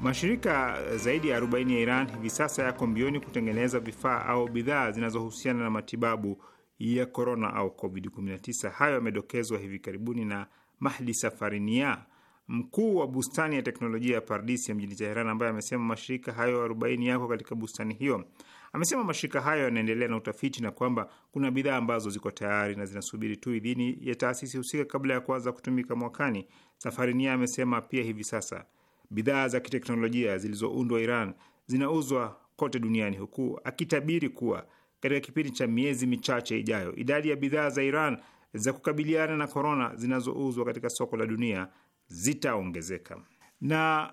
Mashirika zaidi ya 40 ya Iran hivi sasa yako mbioni kutengeneza vifaa au bidhaa zinazohusiana na matibabu ya korona au COVID-19. Hayo yamedokezwa hivi karibuni na Mahdi Safarinia, mkuu wa bustani ya teknolojia ya Pardis ya mjini Teheran, ambaye amesema mashirika hayo 40 yako katika bustani hiyo. Amesema mashirika hayo yanaendelea na utafiti na kwamba kuna bidhaa ambazo ziko tayari na zinasubiri tu idhini ya taasisi husika kabla ya kuanza kutumika mwakani. Safarinia amesema pia hivi sasa bidhaa za kiteknolojia zilizoundwa Iran zinauzwa kote duniani, huku akitabiri kuwa katika kipindi cha miezi michache ijayo. Idadi ya bidhaa za Iran za kukabiliana na korona zinazouzwa katika soko la dunia zitaongezeka. Na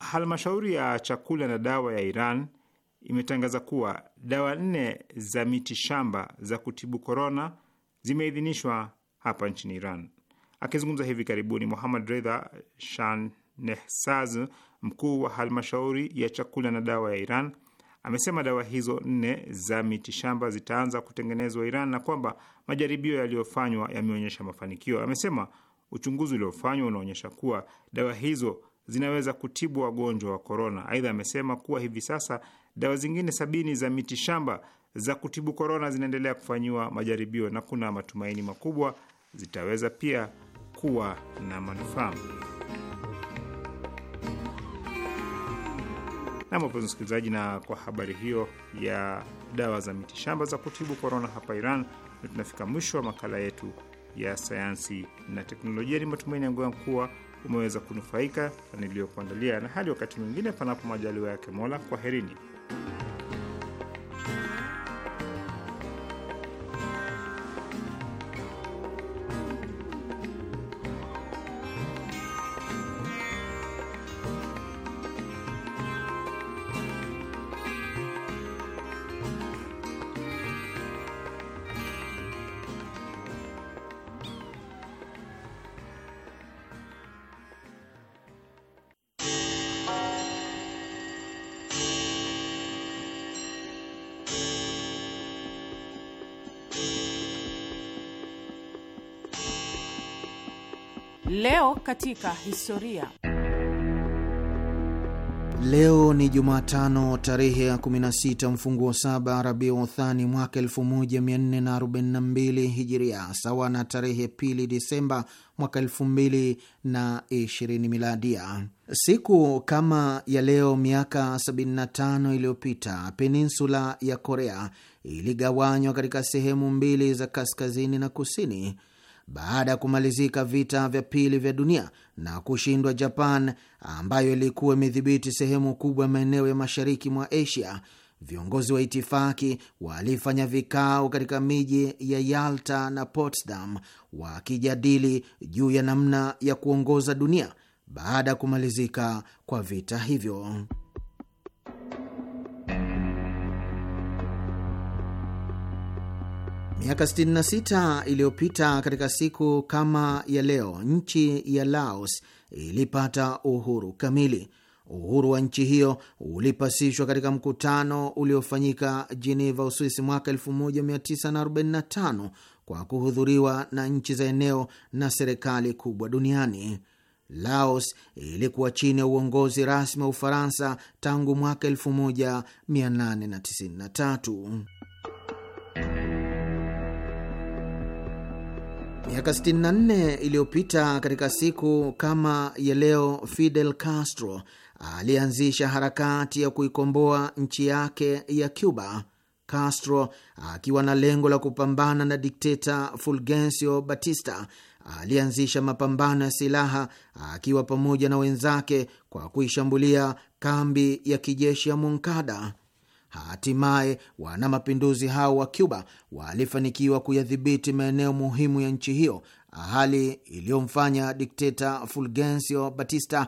halmashauri ya chakula na dawa ya Iran imetangaza kuwa dawa nne za miti shamba za kutibu korona zimeidhinishwa hapa nchini Iran. Akizungumza hivi karibuni, Muhamad Redha Shanehsaz, mkuu wa halmashauri ya chakula na dawa ya Iran, Amesema dawa hizo nne za mitishamba zitaanza kutengenezwa Iran na kwamba majaribio yaliyofanywa yameonyesha mafanikio. Amesema uchunguzi uliofanywa unaonyesha kuwa dawa hizo zinaweza kutibu wagonjwa wa korona. Aidha, amesema kuwa hivi sasa dawa zingine sabini za mitishamba za kutibu korona zinaendelea kufanyiwa majaribio na kuna matumaini makubwa zitaweza pia kuwa na manufaa. Nam, wapenzi msikilizaji, na kwa habari hiyo ya dawa za mitishamba za kutibu korona hapa Iran, na tunafika mwisho wa makala yetu ya sayansi na teknolojia. Ni matumaini yangu kuwa umeweza kunufaika na niliyokuandalia, na hadi wakati mwingine, panapo majaliwa yake Mola, kwaherini. katika historia. Leo ni Jumatano tarehe ya 16 mfunguo saba Rabiu Uthani mwaka 1442 Hijiria, sawa na tarehe pili Disemba mwaka 2020 Miladia. Siku kama ya leo miaka 75 iliyopita peninsula ya Korea iligawanywa katika sehemu mbili za kaskazini na kusini baada ya kumalizika vita vya pili vya dunia na kushindwa Japan ambayo ilikuwa imedhibiti sehemu kubwa ya maeneo ya mashariki mwa Asia, viongozi wa itifaki walifanya vikao katika miji ya Yalta na Potsdam wakijadili juu ya namna ya kuongoza dunia baada ya kumalizika kwa vita hivyo. Miaka 66 iliyopita katika siku kama ya leo, nchi ya Laos ilipata uhuru kamili. Uhuru wa nchi hiyo ulipasishwa katika mkutano uliofanyika Jeneva, Uswisi, mwaka 1945 kwa kuhudhuriwa na nchi za eneo na serikali kubwa duniani. Laos ilikuwa chini ya uongozi rasmi wa Ufaransa tangu mwaka 1893. Miaka 64 iliyopita katika siku kama ya leo, Fidel Castro alianzisha harakati ya kuikomboa nchi yake ya Cuba. Castro akiwa na lengo la kupambana na dikteta Fulgencio Batista alianzisha mapambano ya silaha akiwa pamoja na wenzake kwa kuishambulia kambi ya kijeshi ya Moncada. Hatimaye wana mapinduzi hao wa Cuba walifanikiwa kuyadhibiti maeneo muhimu ya nchi hiyo, hali iliyomfanya dikteta Fulgencio Batista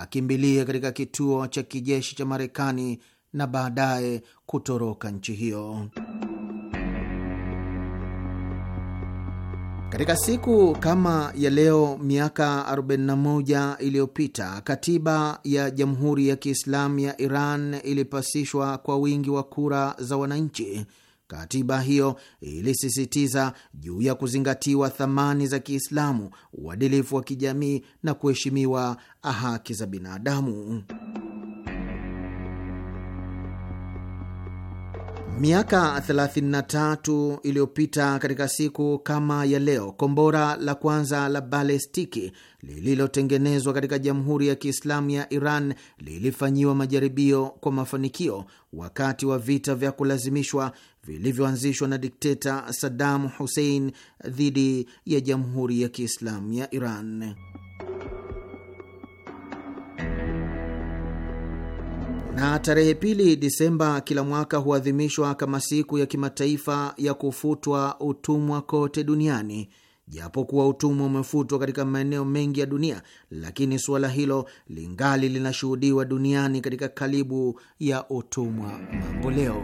akimbilia katika kituo cha kijeshi cha Marekani na baadaye kutoroka nchi hiyo. Katika siku kama ya leo miaka 41 iliyopita katiba ya Jamhuri ya Kiislamu ya Iran ilipasishwa kwa wingi wa kura za wananchi. Katiba hiyo ilisisitiza juu ya kuzingatiwa thamani za Kiislamu, uadilifu wa kijamii na kuheshimiwa haki za binadamu. Miaka 33 iliyopita katika siku kama ya leo, kombora la kwanza la balestiki lililotengenezwa katika Jamhuri ya Kiislamu ya Iran lilifanyiwa majaribio kwa mafanikio wakati wa vita vya kulazimishwa vilivyoanzishwa na dikteta Saddam Hussein dhidi ya Jamhuri ya Kiislamu ya Iran. Na tarehe pili Disemba kila mwaka huadhimishwa kama siku ya kimataifa ya kufutwa utumwa kote duniani. japo kuwa utumwa umefutwa katika maeneo mengi ya dunia, lakini suala hilo lingali linashuhudiwa duniani katika kalibu ya utumwa mambo leo.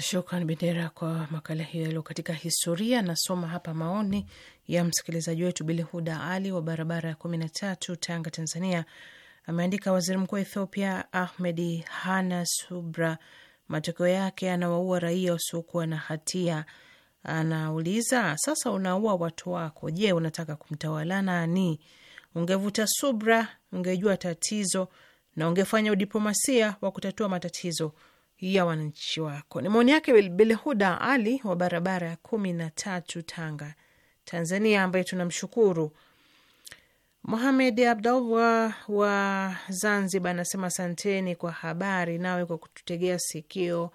Shukran Bendera kwa makala hiyo yaliyo katika historia. Nasoma hapa maoni ya msikilizaji wetu Bilihuda Ali wa barabara ya kumi na tatu, Tanga, Tanzania. Ameandika, waziri mkuu wa Ethiopia Ahmedi Hana Subra, matokeo yake anawaua raia wasiokuwa na hatia. Anauliza, sasa unaua watu wako, je, unataka kumtawala nani? Ungevuta subra, ungejua tatizo na ungefanya udiplomasia wa kutatua matatizo ya wananchi wako. Ni maoni yake bilhuda Ali wa barabara ya kumi na tatu, Tanga, Tanzania, ambaye tunamshukuru. muhamed Abdallah wa Zanzibar anasema asanteni kwa habari, nawe kwa kututegea sikio.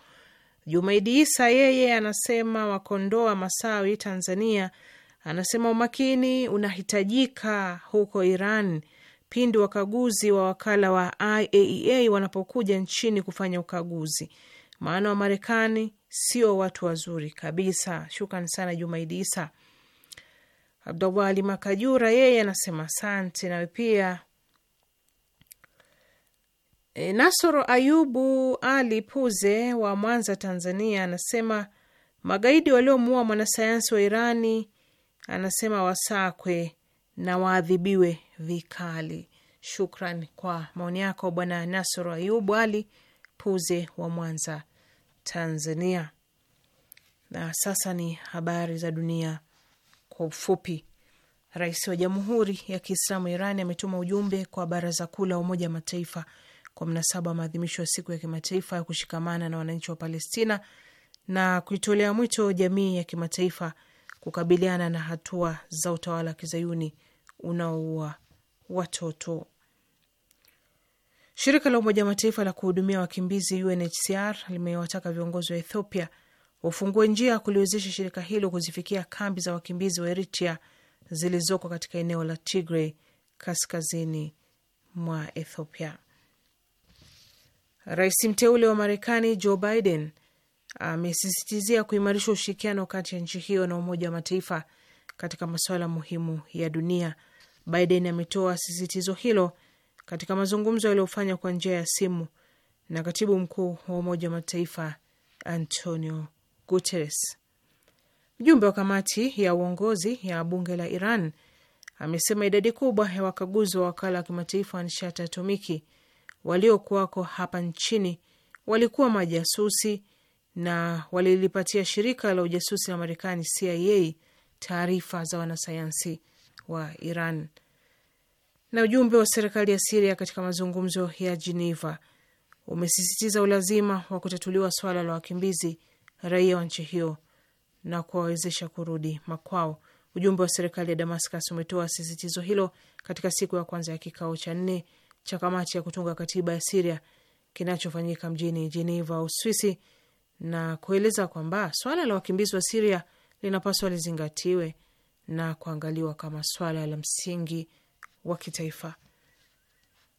Jumaidi Isa yeye anasema Wakondoa, Masawi, Tanzania, anasema umakini unahitajika huko Iran pindi wakaguzi wa wakala wa IAEA e wanapokuja nchini kufanya ukaguzi, maana Wamarekani sio watu wazuri kabisa. Shukran sana Jumaidi Isa. Abdullah Ali Makajura yeye anasema asante. Nawe pia e, Nasoro Ayubu Ali Puze wa Mwanza, Tanzania anasema magaidi waliomuua mwanasayansi wa Irani anasema wasakwe na waadhibiwe vikali. Shukran kwa maoni yako Bwana Nasoro Ayubu Ali Puze wa Mwanza, Tanzania. Na sasa ni habari za dunia kwa ufupi. Rais wa Jamhuri ya Kiislamu Iran ametuma ujumbe kwa Baraza Kuu la Umoja wa Mataifa kwa mnasaba wa maadhimisho ya siku ya kimataifa ya kushikamana na wananchi wa Palestina na kuitolea mwito jamii ya kimataifa kukabiliana na hatua za utawala wa kizayuni unaoua watoto. Shirika la Umoja wa Mataifa la kuhudumia wakimbizi UNHCR limewataka viongozi wa Ethiopia wafungue njia ya kuliwezesha shirika hilo kuzifikia kambi za wakimbizi wa Eritrea zilizoko katika eneo la Tigray kaskazini mwa Ethiopia. Rais mteule wa Marekani Joe Biden amesisitizia kuimarisha ushirikiano kati ya nchi hiyo na Umoja wa Mataifa katika masuala muhimu ya dunia Biden ametoa sisitizo hilo katika mazungumzo yaliyofanywa kwa njia ya simu na katibu mkuu wa Umoja wa Mataifa Antonio Guterres. Mjumbe wa kamati ya uongozi ya bunge la Iran amesema idadi kubwa ya wakaguzi wa wakala wa kimataifa wa nishati atomiki waliokuwako hapa nchini walikuwa majasusi na walilipatia shirika la ujasusi la Marekani CIA taarifa za wanasayansi wa Iran na ujumbe wa serikali ya Siria katika mazungumzo ya Geneva umesisitiza ulazima wa kutatuliwa swala la wakimbizi raia wa nchi hiyo na kuwawezesha kurudi makwao. Ujumbe wa serikali ya Damascus umetoa sisitizo hilo katika siku ya kwanza ya kikao cha nne cha kamati ya kutunga katiba ya Siria kinachofanyika mjini Geneva, Uswisi, na kueleza kwamba swala la wakimbizi wa Siria linapaswa lizingatiwe na kuangaliwa kama swala la msingi wa kitaifa.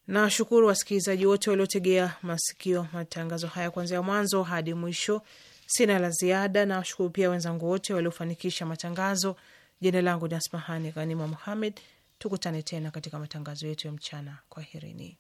Nashukuru wasikilizaji wote waliotegea masikio matangazo haya kuanzia mwanzo hadi mwisho. Sina la ziada. Nawashukuru pia wenzangu wote waliofanikisha matangazo. Jina langu ni Asmahani Ghanima Muhamed. Tukutane tena katika matangazo yetu ya mchana. Kwaherini.